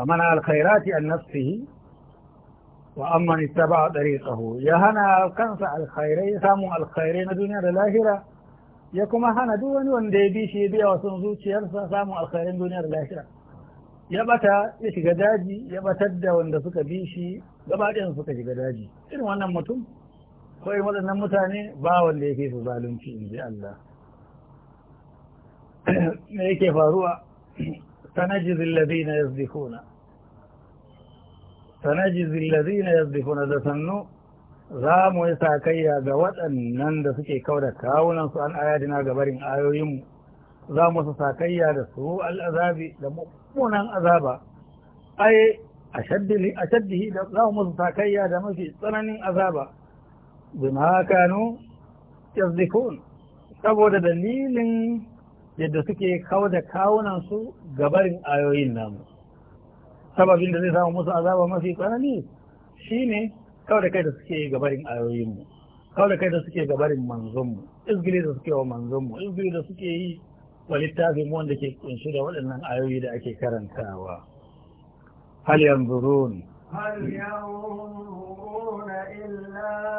فمنع الخيرات عن نفسه Ya hana kansa يهنا كنس الخيرين na الخيرين دنيا للآخرة ya kuma hana duk wani wanda ya bi shi ya biya wa son zuciyarsa samun alkhairin duniyar lahira ya bata ya shiga daji ya batar da wanda suka bi shi gaba ɗayan suka shiga daji irin wannan mutum ko irin waɗannan mutane ba wanda ya kai su zalunci in ji Allah me yake faruwa na ladina na. sanajizi ya yazdifuna da sannu za mu yi sakayya ga waɗannan da suke kau da kawunan su an ayadina ga barin ayoyinmu za mu su sakayya da su al'azabi da mummunan azaba ai a shaddihi da za mu su sakayya da mafi tsananin azaba bima kanu yazdifun saboda dalilin yadda suke kau da kawunan su ga barin ayoyin namu sababin da zai samu musu azaba mafi tsanani ne kawai da kai da suke gabarin ayoyinmu kawai da kai da suke gabarin manzonmu izgili da suke wa manzonmu izgili da suke yi wa littafin wanda ke kunshi da waɗannan ayoyi da ake karantawa hal yanzurun هل ينظرون إلا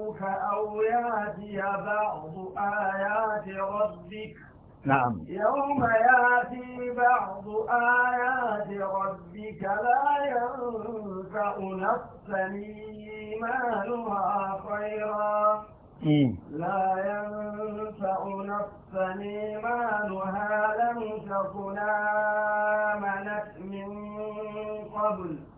ربك أو ياتي بعض آيات ربك نعم يوم ياتي بعض آيات ربك لا ينفع نفسا إيمانها خيرا لا ينفع نفسا إيمانها لم تكن آمنت من قبل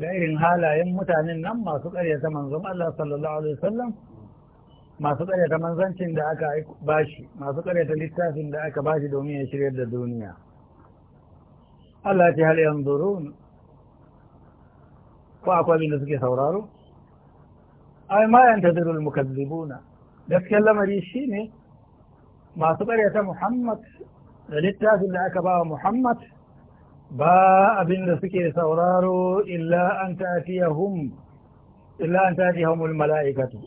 da irin halayen mutanen nan masu ƙaryata manzon Allah sallallahu alaihi wasallam masu ƙaryata manzancin da aka bashi masu ƙaryata littafin da aka bashi domin ya shirya da duniya Allah ce hal yanzurun ko akwai abin da suke sauraro ai ma yantazirul mukazzibuna gaskiyar lamari shine masu ƙaryata Muhammad da littafin da aka ba wa Muhammad ba abin da suke sauraro illa an tatiyahum illa an mala'ikatu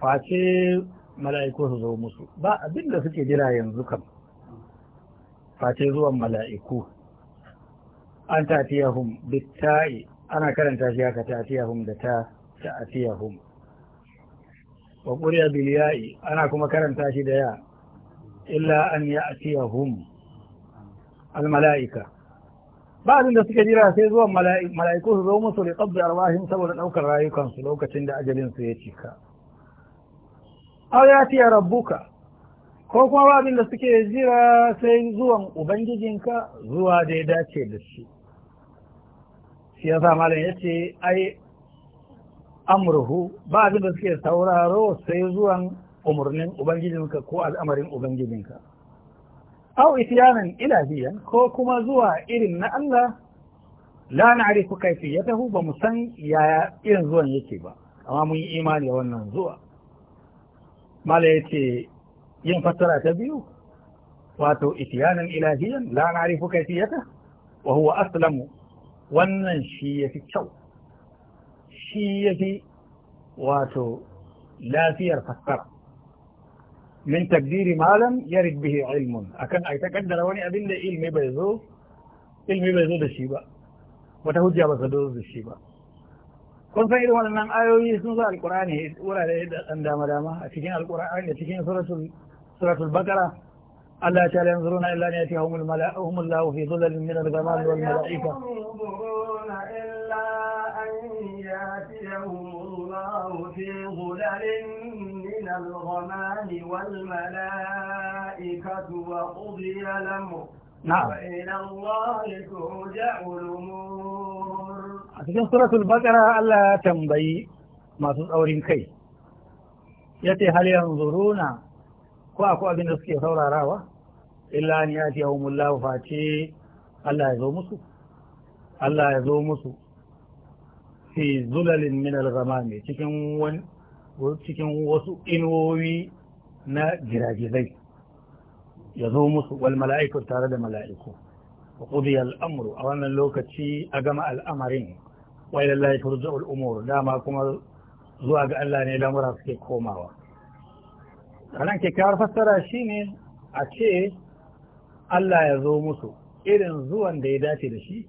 face mala'iku su zo musu ba abin da suke jira yanzu kam face zuwan mala'iku an tatiyahum bitta'i ana karanta shi haka tatiyahum da ta ta'atiyahum wa quriya bil ya'i ana kuma karanta shi da ya illa an ya'tiyahum al-mala'ika ba da suke jira sai zuwan mala'iku su zo musu da qabdi arwahin saboda ɗaukar rayukansu lokacin da ajalin su ya cika aw ya rabbuka ko kuma ba da suke jira sai zuwan ubangijinka zuwa da ya dace da shi shi yasa malam yace ai amurhu ba da suke sauraro sai zuwan umarnin ubangijinka ko al'amarin ubangijinka أو إتيانا إلهيا كوكما زوا إرن الله لا نعرف كيفيته بمسن يا إرن زوا يكيبا أما من إيمان يوانا زوا ما ليتي ينفتر تبيو واتو إتيانا إلهيا لا نعرف كيفيته وهو أسلم wannan shi ya fi kyau shi ya fi wato lafiyar fassara min takdiri malam yarid bihi ilmun akan ai ta kaddara wani abin da ilmi bai zo ilmi bai zo da shi ba wata hujja ba ta zo da shi ba kun san irin wannan ayoyi sun zo alqur'ani wurare da dan dama dama a cikin alqur'ani da cikin suratul suratul baqara Allah ta yanzuruna illa an yatihumul mala'ihum Allah fi dhulalin min al-ghamam wal mala'ika illa an yatihum Allah fi dhulalin من الغمام والملائكة وقضي الأمر نعم وإلى الله ترجع الأمور أتكلم سورة البقرة ألا تنبي ما تصورين كي يتي هل ينظرون ko akwai abin da suke saurarawa illa an yati yawmullahu face Allah ya zo musu Allah ya zo musu fi zulalin min al-ghamami cikin cikin wasu inuwoyi na giragizai ya zo musu wal mala'iku tare da mala'iku wa qudiya al'amuru a wannan lokaci a gama al'amarin wa ila Allah turja'ul dama kuma zuwa ga Allah ne lamura suke komawa ranar kyakkyawar fassara shi ne a ce Allah ya zo musu irin zuwan da ya dace da shi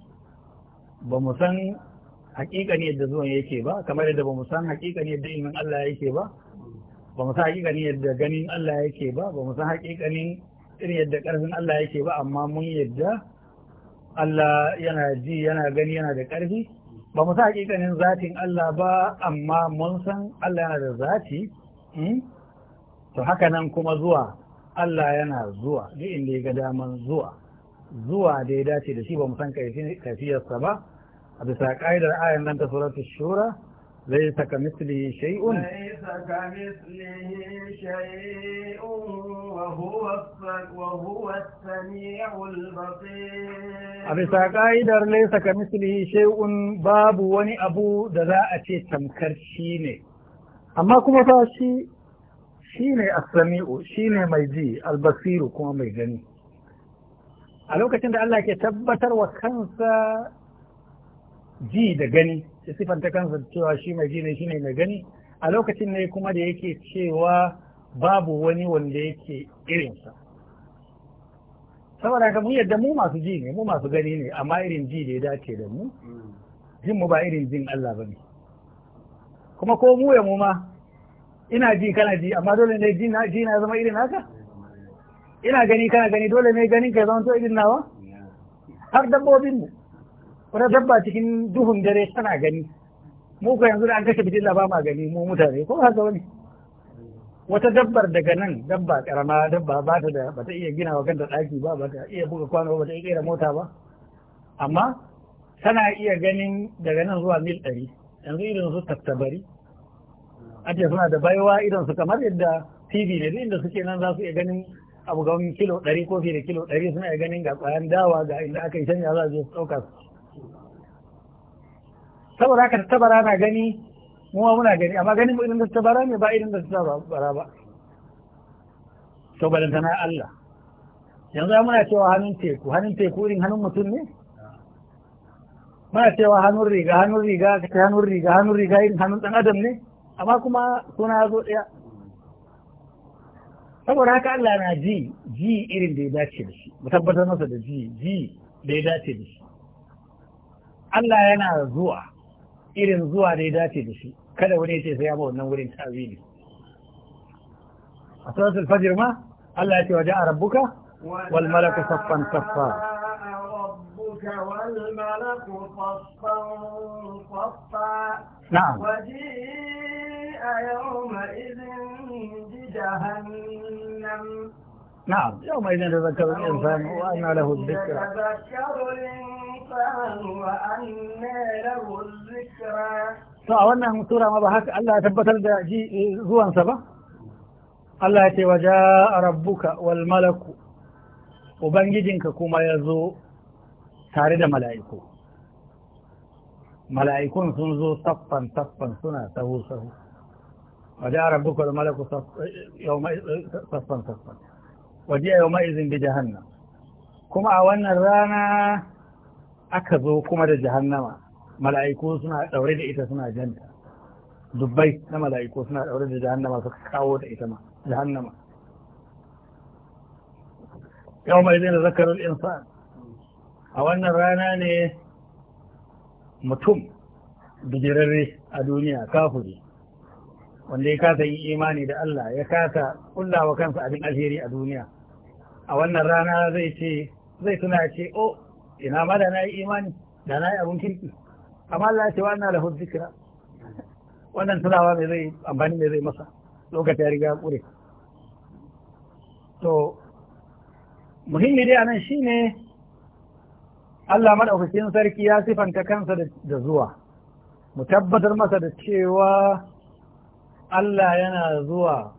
ba mu san ne yadda zuwan yake ba kamar yadda ba mu san ne yadda iman Allah yake ba ba mu san ne yadda ganin Allah yake ba ba mu san ne irin yadda karfin Allah yake ba amma mun yadda Allah yana ji yana gani yana da karfi ba mu san ne zatin Allah ba amma mun san Allah yana da zati hmm? to haka nan kuma zuwa Allah yana zuwa duk inda ya ga daman zuwa zuwa da ya dace da shi ba mu san kaifiyarsa ba a bisa ƙa'idar ayan nan ta suratu shura zai yi saka misli shay'un a bisa ƙa'idar zai saka misli shay'un babu wani abu da za a ce tamkar shi ne amma kuma fa shi shi ne asami'u shi ne mai ji albasiru kuma mai gani a lokacin da Allah ke tabbatar wa kansa ji da gani da sifanta kansa cewa shi mai ji ne shi ne mai gani a lokacin ne kuma da yake cewa babu wani wanda yake irinsa saboda ka mun yadda mu masu ji ne mu masu gani ne amma irin ji da ya dace da mu jin mu ba irin jin Allah bane kuma ko mu ya mu ma ina ji kana ji amma dole ne ji na ji na zama irin haka ina gani kana gani dole ne ganin ka zama to irin nawa har dabbobin mu wata dabba cikin duhun dare tana gani mu ko yanzu da an kashe fitila ba ma gani mu mutane ko haka wani wata dabbar daga nan dabba karama dabba ba ta da bata iya gina wa kanta daki ba bata iya buga kwano ba ta iya kera mota ba amma tana iya ganin daga nan zuwa mil ɗari yanzu irin su tattabari a ce suna da baiwa idan su kamar yadda tv ne duk inda suke nan za su iya ganin abu gawon kilo ɗari ko fiye da kilo ɗari suna iya ganin ga ƙwayan dawa ga inda aka yi canja za a je su ɗauka saboda haka tabara na gani mu ma muna gani amma ganin mu irin da tabara ne ba irin da bara ba to na Allah yanzu muna cewa hannun teku hannun teku irin hannun mutum ne muna cewa hannun riga hannun riga kace hannun riga hannun riga irin hannun dan adam ne amma kuma suna ya zo daya saboda haka Allah na ji ji irin da ya dace da shi mu tabbatar masa da ji ji da ya dace da shi Allah yana zuwa irin zuwa da ya dace da shi kada wani ya ce sai ya ba wannan wurin ta'wili a sanar fajr ma Allah ya ce waje a rabbuka wal malaku saffan saffa na'am وجيء يومئذ بجهنم نعم يومئذ تذكر الإنسان وأن له الذكرى To a wannan sura ma ba haka Allah ya tabbatar da ji eh, zuwansa ba? Allah ya ce wa ja a rabbuka wal malaku, Ubangijinka kuma ya zo tare da mala’iku. Mala’ikun sun zo saffan saffan suna sahu sahu. Wa ja a rabbuka wal malaku eh, eh, saffan saffan. Waje ji a yau ma’izin bi jahannan. Kuma a wannan rana aka zo kuma da jahannama mala'iku suna daure da ita suna janta dubbai na mala'iku suna daure da jahannama suka kawo da ita ma jahannama yau mai zai da zakarar insa a wannan rana ne mutum bijirarre a duniya kafuri wanda ya kasa yi imani da Allah ya kasa kullawa kansa abin alheri a duniya a wannan rana zai ce zai tuna ce o oh, ina ma da na yi imani da na yi abin kirki amma Allah ya ce wa ina lahu zikira wannan tunawa mai zai amfani mai zai masa lokaci ya riga kure to muhimmi dai anan shine Allah madaukakin sarki ya sifanta kansa da zuwa mu tabbatar masa da cewa Allah yana zuwa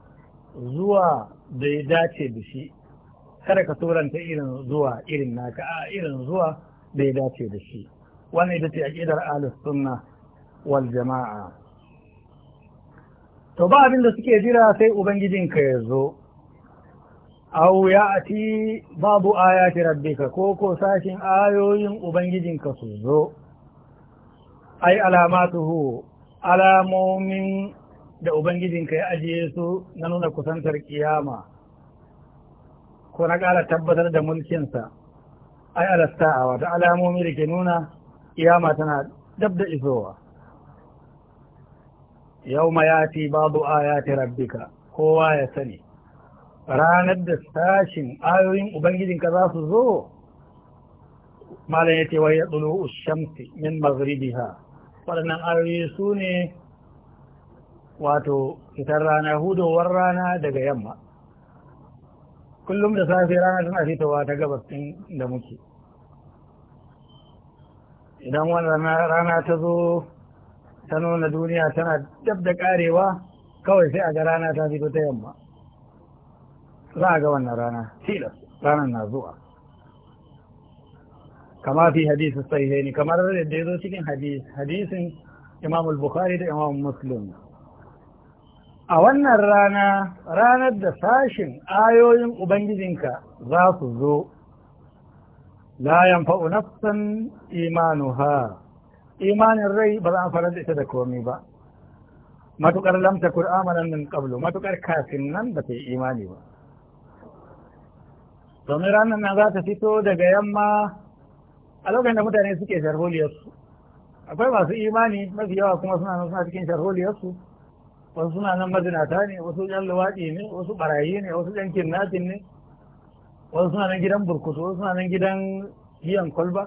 zuwa da ya dace da shi kada ka turanta irin zuwa irin naka a irin zuwa da ya dace da shi wannan ita ce aqidar ahlus sunna wal jama'a to ba abin da suke jira sai ubangijin ka ya zo aw ya'ti babu ayati rabbika ko ko sashin ayoyin ubangijin ka su zo ai alamatuhu alamomin da ubangijin ka ya ajiye su na nuna kusantar kiyama ko na ƙara tabbatar da mulkinsa ai alasta'a wata alamomi da ke nuna kiyama tana dab da isowa yau ma ya fi babu ayati rabbika kowa ya sani ranar da sashin ayoyin ubangijinka za su zo malam ya ce wai ya tsulu shamsi min maghribiha waɗannan ayoyi su ne wato fitar rana hudowar rana daga yamma kullum da safe rana tana fitowa ta gabas ɗin da muke idan wannan rana ta zo ta nuna duniya tana dab da karewa kawai sai a ga rana ta fito ta yamma za a ga wannan rana tilas ranar na zuwa kama fi hadisi sahihaini kamar da ya zo cikin hadisin imam al-bukhari da imam muslim a wannan rana ranar da sashin ayoyin ubangijinka za su zo la yanfa'u nafsan imanuha imanin rai ba za a farar da ita da komai ba matukar lamta kur'amanan nan qablu matukar kafin nan ba ta yi imani ba domin ranar nan za ta fito daga yamma a lokacin da mutane suke sharholiyarsu akwai masu imani mafi yawa kuma suna nan suna cikin sharholiyarsu wasu suna nan mazinata ne wasu yan luwaɗi ne wasu ɓarayi ne wasu yan kinnatin ne wasu suna nan gidan burkutu wasu suna nan gidan giyan kwalba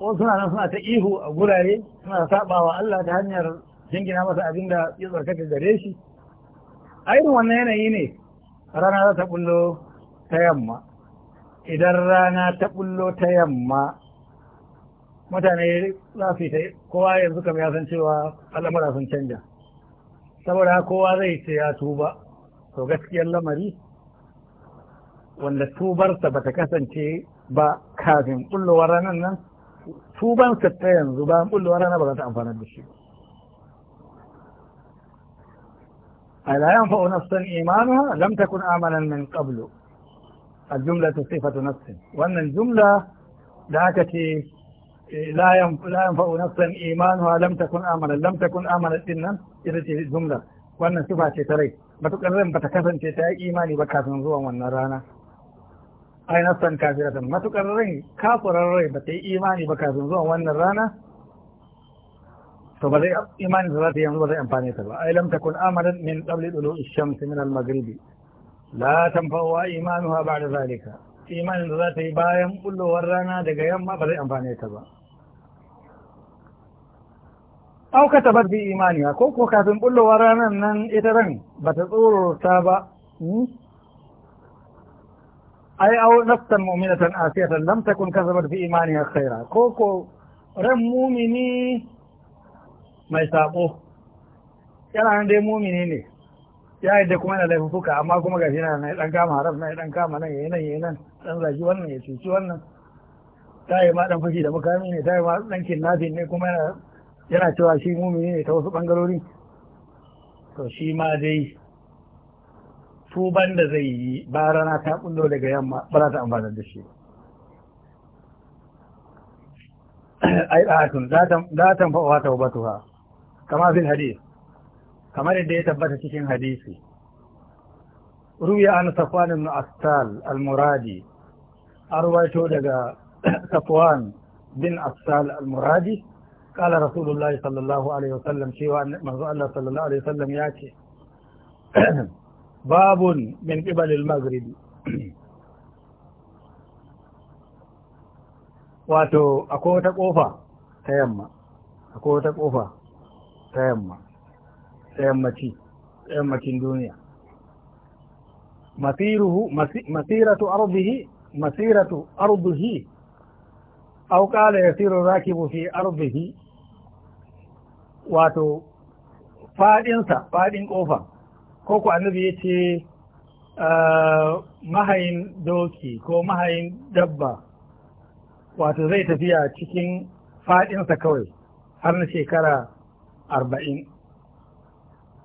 wasu suna nan suna ta ihu a gurare suna saɓawa Allah ta hanyar jingina masa abin da ya tsarkaka gare shi a irin wannan yanayi ne rana za ta bullo ta yamma idan rana ta bullo ta yamma mutane za su ta kowa yanzu kam ya san cewa al'amura sun canja saboda kowa zai ce ya tuba to gaskiyar lamari wanda tubarsa bata kasance ba kafin bullowar ranar nan tubansa ta yanzu ba bullowar ranar ba za ta amfana da shi ألا ينفع نفسا إيمانها لم تكن آمنا من sifatu nafsin wannan jumla da aka ce. Eh, la yanfa'u nafsan imanuha lam takun amalan lam takun amalan din nan ita ce jumla wannan sifa ce ta rai matukar ran bata kasance ta yi imani ba kafin zuwan wannan rana ai nafsan kafiratan matukar ran kafirar rai bata yi imani ba kafin zuwan wannan rana to ba zai imani da za ta yanzu ba zai amfane ta ba ai lam takun amalan min qabli dulu ash-shams min al-maghribi la tanfa'u imanuha ba'da zalika imanin da za ta yi bayan bullowar rana daga yamma ba zai amfane ta ba au ta bar bi imaniya ko ko kafin bullowa ranar nan ita ran ba ta tsorota ba hmm? ai au naftan mu'minatan asiyatan lam takun kasabat bi imani khaira ko ko ran mumini mai sabo yana nan dai mumini ne ya yadda kuma yana laifuka amma kuma gashi na nan dan kama haram na dan kama nan yayin nan yayin nan dan zaki wannan ya cuci wannan ta yi ma dan fashi da mukamin ne ta yi ma dan kinnafin ne kuma yana yana cewa shi mumini ne ta wasu ɓangarori to shi ma dai tuban da zai yi ba rana ta kullo daga yamma ba za ta amfanar da shi ai ɗatun za ta wata ta wubatuwa kama fil hadis kamar yadda ya tabbata cikin hadisi ruya an safwan ibn astal al-muradi arwaito daga safwan bin astal al-muradi قال رسول الله صلى الله عليه وسلم شيء من رأى الله صلى الله عليه وسلم يأتي باب من قبل المغرب واتو أكو تقوفا تيما أكو تقوفا تيما تيما تي تيما تي الدنيا مسيره مسيرة أرضه مسيرة أرضه أو قال يسير الراكب في أرضه wato faɗinsa faɗin ƙofa ko ku annabi ya ce ah, mahayin doki ko mahayin dabba wato zai tafiya cikin faɗinsa kawai har na shekara arba'in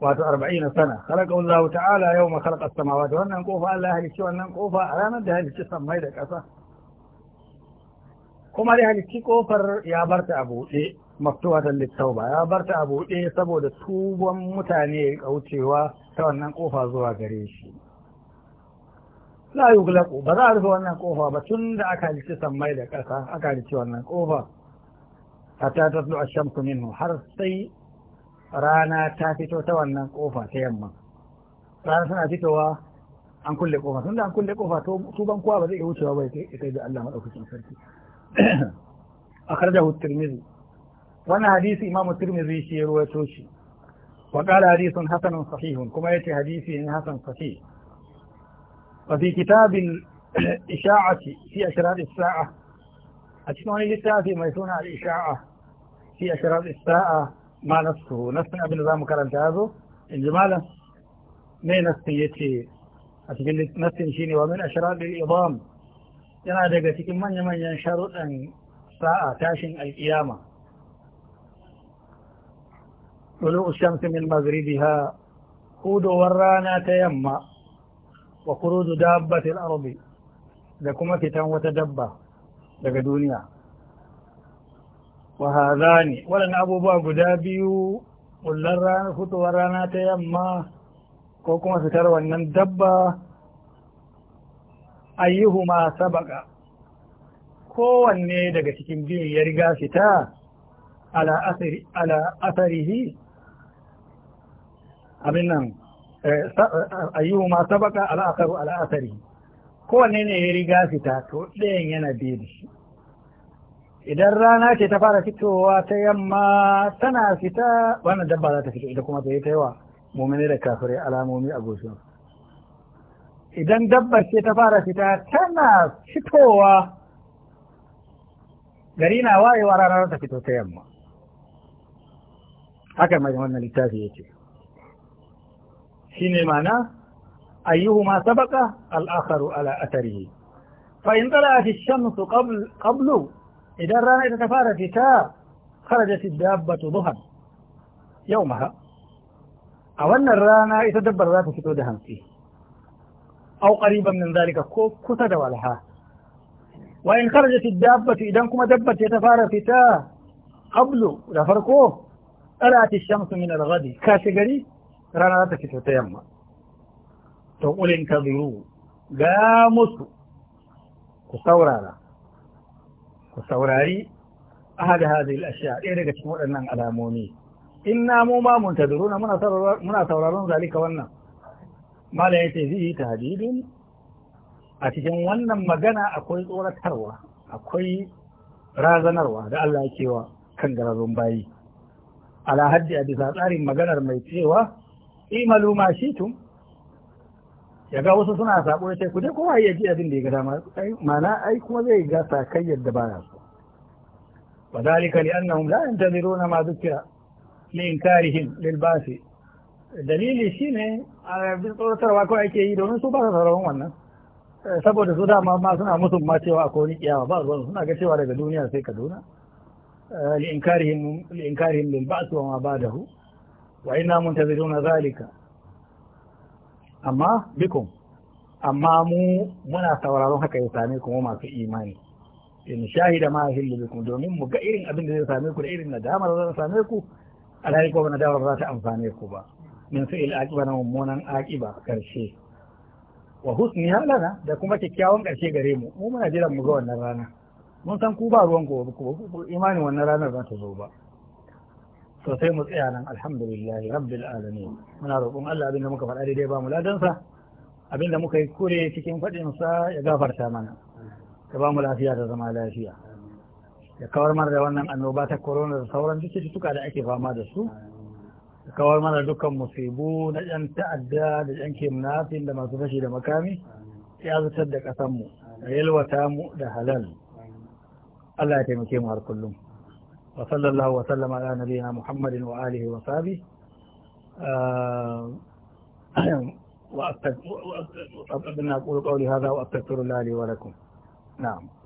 wato arba'in na sana halaka Allah ta'ala yau ma halaka sama wato wannan kofa Allah ya halicci wannan kofa a ranar da halicci sammai da ƙasa kuma da halicci kofar ya barta a buɗe maftuwatan littauba ya barta a buɗe saboda tuban mutane ya kaucewa ta wannan ƙofa zuwa gare shi yi yughlaqu ba za a rufe wannan ƙofa ba tun da aka halici sammai da ƙasa aka halice wannan ƙofa. a ta tattalo a shamsu minu har sai rana ta fito ta wannan ƙofa ta yamma rana tana fitowa an kulle ƙofa, tun da an kulle to tuban kowa ba zai iya wucewa ba kai da Allah maɗaukacin sarki akhrajahu da tirmidhi wannan hadisi imam tirmidhi shi ya ruwaito shi wa qala hadithun hasanun sahihun kuma yace hadisi ne hasan sahih wa fi kitab al-isha'ati fi ashrar as-sa'a a cikin wani littafi mai suna al-isha'a fi ashrar as-sa'a ma nasu nasu abin da zamu karanta yazo in ji malam me nasu yace a cikin nasin shine wa min ashrar al-idam yana daga cikin manya-manyan sharuɗan sa'a tashin al-qiyama طلوع الشمس من مغربها هود ورانا تيمّا wa kurudu dabbatil ardi da kuma fitan wata dabba daga duniya Wahazani hadhani abubuwa guda biyu kullar rana fitowar rana ta yamma ko kuma fitar wannan dabba ma sabaƙa. kowanne daga cikin biyun ya riga fita ala asarihi abin nan eh, eh, ma sabaka al'akaru al'asari kowanne ne ya riga fita to ɗayan yana bi da shi idan rana ce ta fara fitowa ta yamma tana fita wannan dabba za ta fito ita kuma ta yi ta yawa mummuni da kafirai alamomi a goshin idan dabbar ce ta fara fita tana fitowa gari na wayewa rana ta fito ta yamma haka mai wannan littafi ya ce حين معناه أيهما سبق الآخر على أثره فإن طلعت الشمس قبل قبل إذا رأيت تفارت تاء خرجت الدابة ضحا يومها أو أن الرانا يتدبر ذات فتو دهن فيه أو قريبا من ذلك كتد ولها وإن خرجت الدابة إذا كما دبت يتفارت تا قبل لفرقه طلعت الشمس من الغد كاشقري rana za ta fito ta yamma to ta zuru ga musu ku saurara ku saurari hada hadhihi al a ɗaya daga cikin waɗannan alamomi In na mu ma zuru muna muna sauraron zalika wannan mala ce zai tahdidun a cikin wannan magana akwai tsoratarwa akwai razanarwa da Allah ke wa kan garazon bayi ala haddi a bisa tsarin maganar mai cewa imalu ma tun ya ga wasu suna sabo ya ce ku dai kowa ya ji abin da ya ga mana ai kuma zai ga sakai yadda baya so wa dalika li annahum la yantaziruna ma dukira li inkarihim lil basi dalili shine a bin tsoratarwa kawai ake yi domin su ba su wannan eh, saboda su dama ma suna musu ma cewa akwai wani kiyawa ba suna ga cewa daga duniya sai kaduna eh, li inkarihim li inkarihim lil basi wa ma ba hu wa ina muntaziruna zalika amma bikum amma mu muna sauraron haka ya same ku masu imani in shahida ma hillu bikum domin mu ga irin abin da zai same ku da irin nadamar da zai same ku alai ko nadamar ba za ta amfane ku ba min sai il aqiba na mummunan aqiba karshe wa husni halana da kuma kyakkyawan karshe gare mu mu muna jiran mu ga wannan rana mun san ku ba ruwan ku imanin wannan ranar za ta zo ba to sai mu tsaya nan alhamdulillahi rabbil alamin muna roƙon Allah abinda muka faɗa dai ba mu ladansa abinda muka yi kure cikin faɗin sa ya gafarta mana ya ba mu lafiya da zama lafiya ya kawar mana da wannan annoba ta corona da sauran duk cututtuka da ake fama da su ya kawar mana dukkan musibu na ɗan ta'adda da ɗan kimnafin da masu fashi da makami ya zutar da ƙasanmu da yalwata mu da halal Allah ya taimake mu har kullum وصلى الله وسلم على نبينا محمد وآله وصحبه آه، وأبنى أقول قولي هذا وأستغفر الله لي ولكم نعم